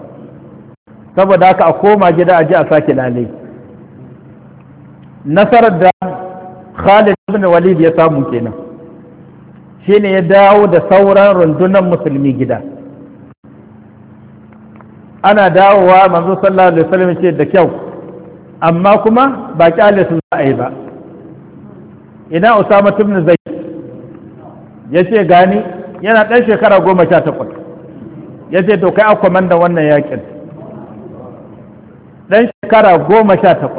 [SPEAKER 1] saboda haka a koma gida a ji a sake lale nasarar da Khalid ibn Walid ya samu kenan shine ya dawo da sauran rundunar musulmi gida ana dawowa manzo sallallahu alaihi wasallam ce da kyau amma kuma ba kyale su za a yi ba ina usama ibn Ya yace gani yana dan shekara 18 yace to kai akwai manda wannan yakin dan shekara 18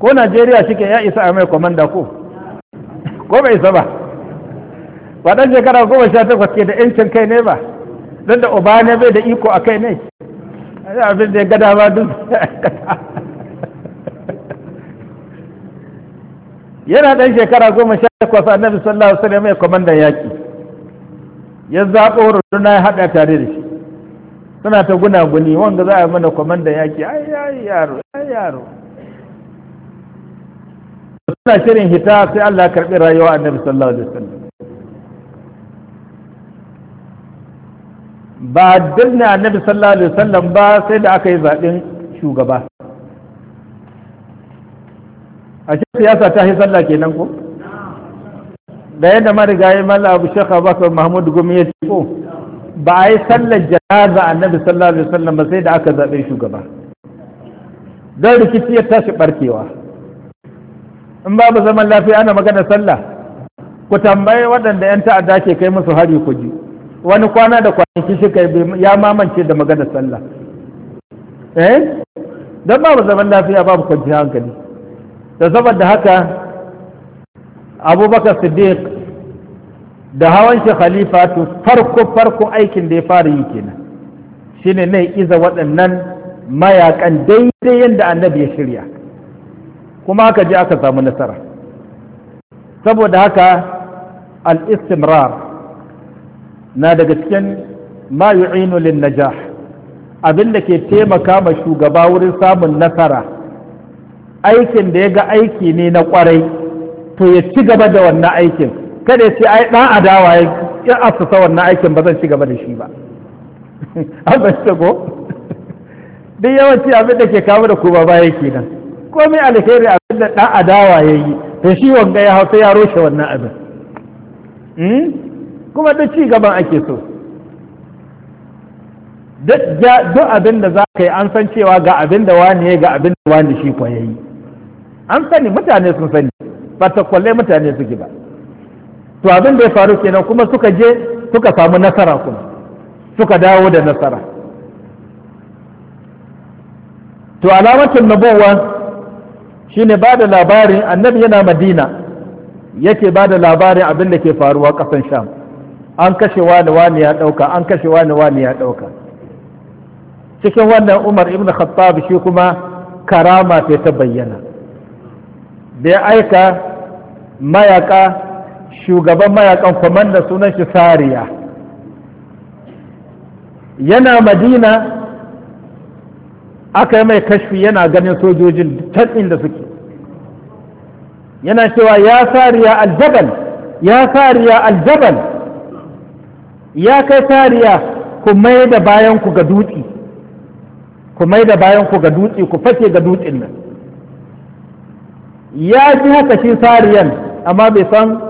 [SPEAKER 1] ko Najeriya shike ya isa a mai komanda ko ko bai isa ba ba dan shekara 18 ke da yancin kai ne ba don da uba ne bai da iko a kai ne abin da ya gada ba duk yana ɗan shekara goma sha takwas annabi sallallahu alaihi wasallam ya kwamandan yaƙi ya zaɓo runduna ya haɗa tare da shi suna ta gunaguni wanda za a yi mana kwamandan yaƙi ai ai yaro ai yaro suna shirin hita sai Allah ya karɓi rayuwa annabi sallallahu alaihi wasallam ba danne annabi sallallahu alaihi wasallam ba sai da aka yi zaɓen shugaba a ce siyasa ta yi sallah kenan ko da yadda marigayi malla abu shekha bakar mahmud gumi ya ce ko ba a yi sallar janaza annabi sallallahu alaihi wasallam ba sai da aka zaɓe shugaba don rikici ya tashi barkewa in babu zaman lafiya ana magana sallah ku tambayi waɗanda 'yan ta'adda ke kai musu hari ku ji wani kwana da kwanaki shi yi ya mamance da magana sallah eh dan babu zaman lafiya babu kwanci hankali da saboda haka abubakar siddiq da hawan shi khalifa to farko farko aikin da ya fara yi kenan shine ne iza waɗannan mayakan daidai yadda annabi ya shirya kuma aka je aka samu nasara saboda haka al-istimrar na daga cikin ma yi inulin najah abin da ke taimaka ma shugaba wurin samun nasara aikin da ya ga aiki ne na kwarai to ya ci gaba da wannan aikin kada ya ce ai dan adawa ya asusa wannan aikin ba zan ci gaba da shi ba an zan ko duk yawanci abin da ke kawo da kuma baya kenan komai alheri abin da dan adawa yayi to shi wanga ya hausa ya roshe wannan abin hmm? kuma duk ci gaban ake so duk abin da za ka yi an san cewa ga abin da wani ya ga abin da wani shi kwa yayi an sani mutane sun sani ba ta kwalle mutane suke ba to abin da ya faru kenan kuma suka je suka samu nasara kuma suka dawo da nasara to alamatin nabuwa shine ba da labarin annabi yana madina yake ba da labarin abin da ke faruwa ƙasan sham an kashe wani wani ya ɗauka an kashe wani wani ya ɗauka cikin wannan umar ibn khattab shi kuma karama ce ta bayyana da ya aika mayaka shugaban mayakan kwamanda sunan shi sariya yana madina aka yi mai kashfi yana ganin sojojin can inda suke yana cewa ya sariya aljabal ya sariya aljabal ya kai sariya ku mai da bayan ga dutse ku mai da bayan ga dutse ku fake ga dutsen nan ya ji haka shi sariyan amma bai san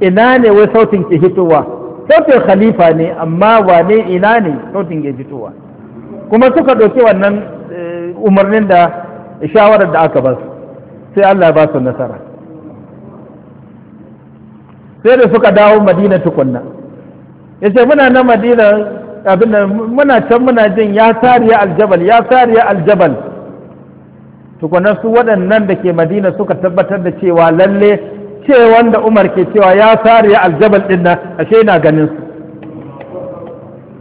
[SPEAKER 1] ina ne wai sautin ke hitowa sautin khalifa ne amma wane ina ne sautin ke hitowa kuma suka ɗauki wannan eh, umarnin da shawarar da aka ba sai Allah ba su nasara sai da suka dawo madina tukunna ya ce muna na madina abin muna can muna jin ya sariya aljabal ya sariya aljabal tukunan su waɗannan da ke madina suka tabbatar da cewa lalle ce wanda umar ke cewa ya sariya aljabal ɗin nan ashe na ganin su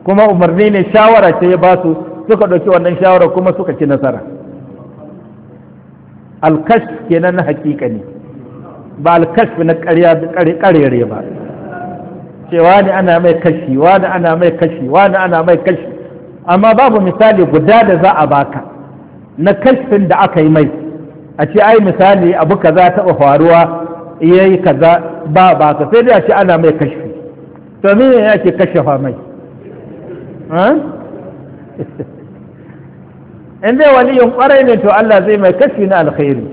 [SPEAKER 1] kuma umarni ne shawara ce ya ba su suka ɗauki wannan shawara kuma suka ci nasara alkash kenan na hakika ne ba alkash na ƙarya ba cewa wani ana mai kashi wani ana mai kashi wani ana mai kashi amma babu misali guda da za a baka na kashin da aka yi mai a ce ai misali abu kaza taɓa faruwa iya yi kaza ba ba ka sai dai a ce ana mai kashi to me ne kashi fa mai in dai yin kwarai ne to Allah zai mai kashi na alkhairi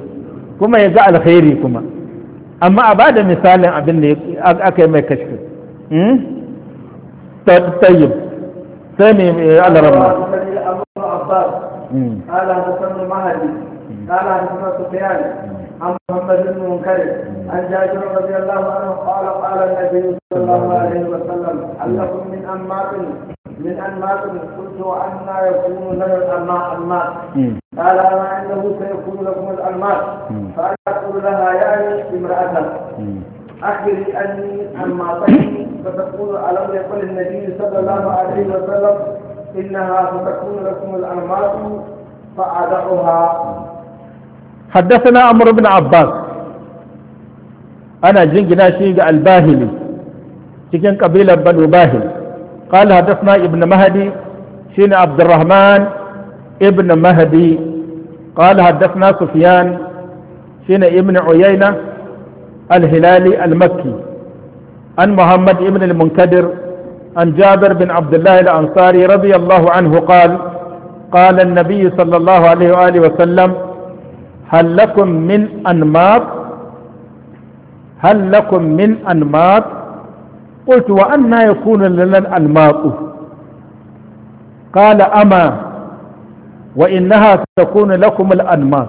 [SPEAKER 1] kuma ya ga alkhairi kuma amma a ba da misalin abin da aka yi mai kashi طيب سامي على ربنا
[SPEAKER 2] قال حسن المهدي قال حسن سفيان عن محمد بن منكر عن جابر رضي الله عنه قال قال النبي صلى الله عليه وسلم علكم من انماط من انماط قلت عنا يكون لنا الانماط قال ما عنده سيكون لكم الانماط فانا اقول لها يا امراه أخبري أني عما طيبي فتكون ألم يقل النبي صلى الله عليه وسلم إنها ستكون لكم الأنماط فأدعها
[SPEAKER 1] حدثنا أمر بن عباس أنا جنجنا شيق الباهلي cikin قبيلة banu باهل قال حدثنا ابن مهدي شين عبد الرحمن ابن مهدي قال حدثنا سفيان شين ابن عيينة الهلالي المكي عن محمد ابن المنكدر عن جابر بن عبد الله الأنصاري رضي الله عنه قال قال النبي صلى الله عليه وآله وسلم هل لكم من أنماط هل لكم من أنماط قلت وأنا يكون لنا الأنماط قال أما وإنها تكون لكم الأنماط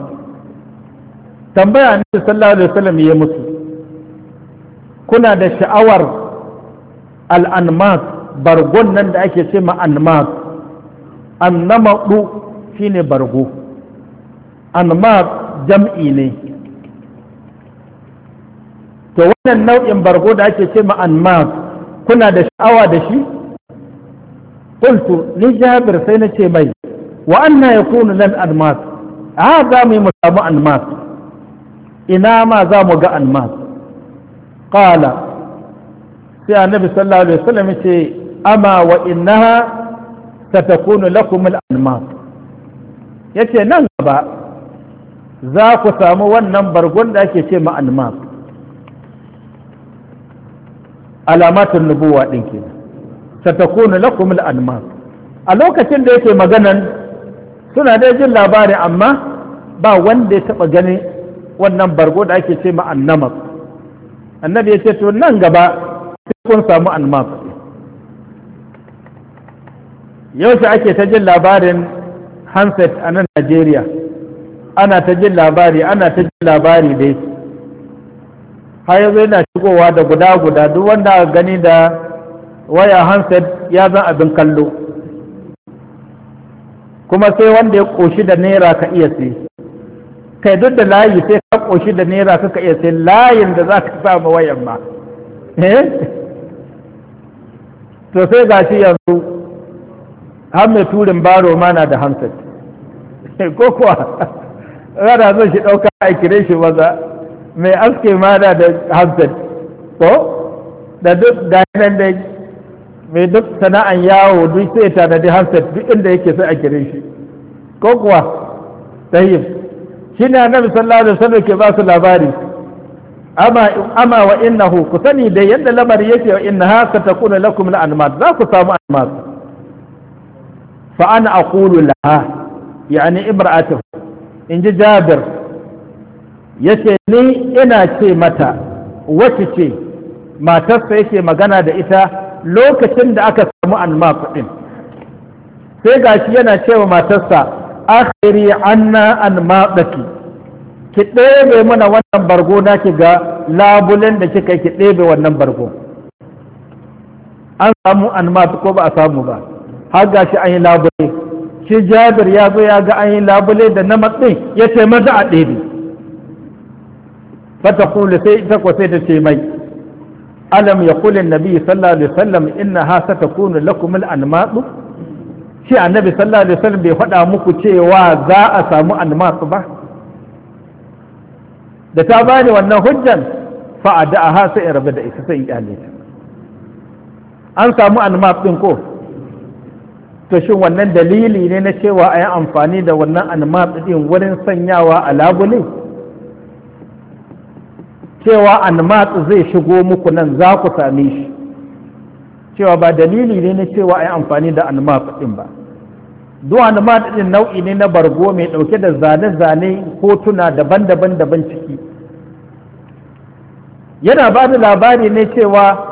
[SPEAKER 1] tambaya ne sallallahu alaihi wasallam ya mutu kuna da sha'awar al'anmas bargon nan da ake ce ma annamaɗu shi ne bargo anmas jam'i ne to wannan nau'in bargo da ake ce ma kuna da sha'awa da shi ƙultu ni jabir sai na ce mai wa anna ya kuna nan anmas a ah, za mu yi mu samu anmas ina ma za mu ga anmas qala sai annabi sallallahu alaihi wasallam yace amma wa innaha satakunu lakum al ya ce nan gaba za ku samu wannan bargon da ake ce ma alamatin alamatun nubuwa din ta ta lakum al-almas a lokacin da yake maganan suna da jin labari amma ba wanda ya taɓa gani wannan bargo da ake ce ma annabi ya ce to nan gaba sai kun samu almas yau sai ake ta jin labarin handset a nan najeriya ana ta jin labari ana ta jin labari dai har yanzu yana shigowa da guda guda duk wanda gani da waya handset ya zan abin kallo kuma sai wanda ya koshi da naira ka iya sai kai duk da layi sai ka koshi da naira kaka iya sai layin da za ka samu wayan ma eh to sai ga shi yanzu har mai turin baro mana da hamsin ko kuwa rana zai shi ɗauka a kire shi maza mai aske mana da hamsin ko da duk da nan da mai duk sana'an yawo duk sai tanadi hamsin duk inda yake sai a kire shi ko kuwa tayyib shi ne annabi sallallahu alaihi wasallam ke ba su labari amma amma wa innahu ku sani da yadda lamari yake wa innaha satakuna lakum la anmat za ku samu anmat fa ana aqulu laha yani imra'atuhu in ji jabir yace ni ina ce mata wace ce matarsa yake magana da ita lokacin da aka samu anmat din sai gashi yana cewa matarsa akhiri anna an maɗaki ki ɗebe mana wannan bargo na ki ga labulen da kika ki ɗebe wannan bargo an samu an ko ba a samu ba har ga shi an yi labule shi jabir ya zo ya ga an yi labule da na matsi ya ce maza a ɗebe fata kula sai ita ko sai ta ce mai alam ya kula nabi sallallahu alaihi wasallam inna ha satakunu lakum al anmadu shi annabi sallallahu alaihi wasallam bai faɗa muku cewa za a samu almasu ba da ta bani wannan hujjan fa'ada a hasa in rabu da ita sai an samu almas din ko to shin wannan dalili ne na cewa a yi amfani da wannan almas din wurin sanyawa a labule cewa almasu zai shigo muku nan za ku same shi cewa ba dalili ne na cewa a yi amfani da anmaf ɗin ba zuwa anmaf ɗin nau'i ne na bargo mai ɗauke da zane-zane hotuna daban-daban daban ciki yana ba da labari ne cewa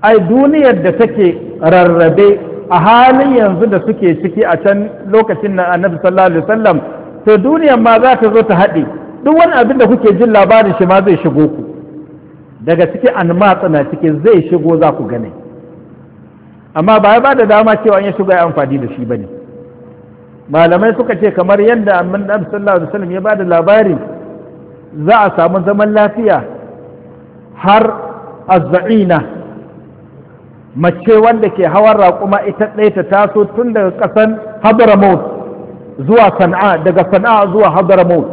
[SPEAKER 1] ai duniyar da take rarrabe a halin yanzu da suke ciki a can lokacin na annabi sallallahu alaihi wasallam to duniyar ma za ta zo ta haɗe duk wani abin da kuke jin labarin shi ma zai shigo ku daga ciki an matsana ciki zai shigo za ku gane amma ba ya ba da dama cewa ya shiga ya amfani da shi bane malamai suka ce kamar yadda amin da sallallahu alaihi wasallam ya ba da labari za a samu zaman lafiya har azza'ina mace wanda ke hawan raƙuma ita ɗaya ta taso tun daga ƙasan hadramaut zuwa sana'a daga sana'a zuwa hadramaut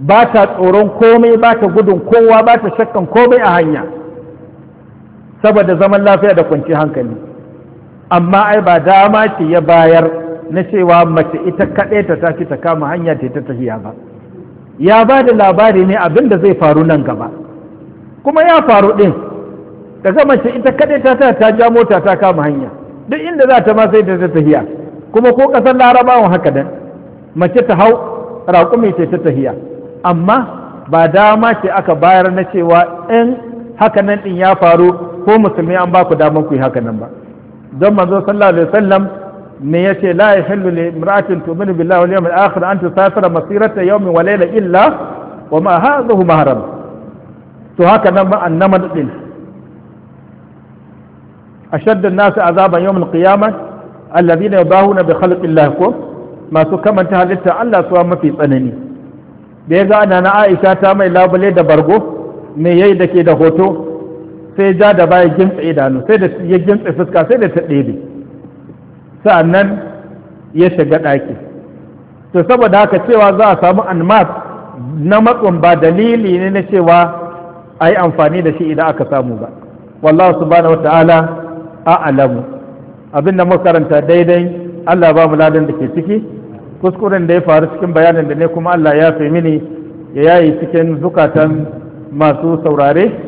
[SPEAKER 1] ba ta tsoron komai ba ta gudun kowa ba ta shakkan komai a hanya saboda zaman lafiya da kwanci hankali amma ai ba dama ce ya bayar na cewa mace ita kaɗai ta tashi ta kama hanya ta ta tahiya ba ya ba da labari ne abin da zai faru nan gaba kuma ya faru ɗin daga mace ita kaɗai ta ta ja mota ta kama hanya duk inda za ta ma sai ta ta tahiya kuma ko ƙasar larabawan haka dan mace ta hau raƙumi ce ta tafiya amma ba dama ce aka bayar na cewa in haka nan ɗin ya faru ko musulmi an ba ku damar ku yi haka nan ba don manzo sallallahu alaihi wasallam ne yace la yahillu li imra'atin tu'minu billahi wal yawmil akhir an tusafira masirata yawmin wa layla illa wa ma hadhahu mahram to haka nan ba annama din ashadd an-nas azaban yawm al-qiyamah alladhina yabahuna bi khalqi Allah ko masu kamanta halitta Allah suwa mafi tsanani da ya ga ana na Aisha ta mai labule da bargo me yayi ke da hoto sai ja da baya gimtsa idanu sai da ya gimtsa fuska sai da ta ɗebe sa'annan ya shiga ɗaki to saboda haka cewa za a samu anmat na matsun ba dalili ne na cewa a yi amfani da shi idan aka samu ba wallahu subhanahu wata'ala a alamu abin da makaranta daidai Allah ba mu ladan da ke ciki kuskuren da ya faru cikin bayanin da ne kuma Allah ya fi mini ya yayi cikin zukatan masu saurare